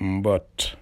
but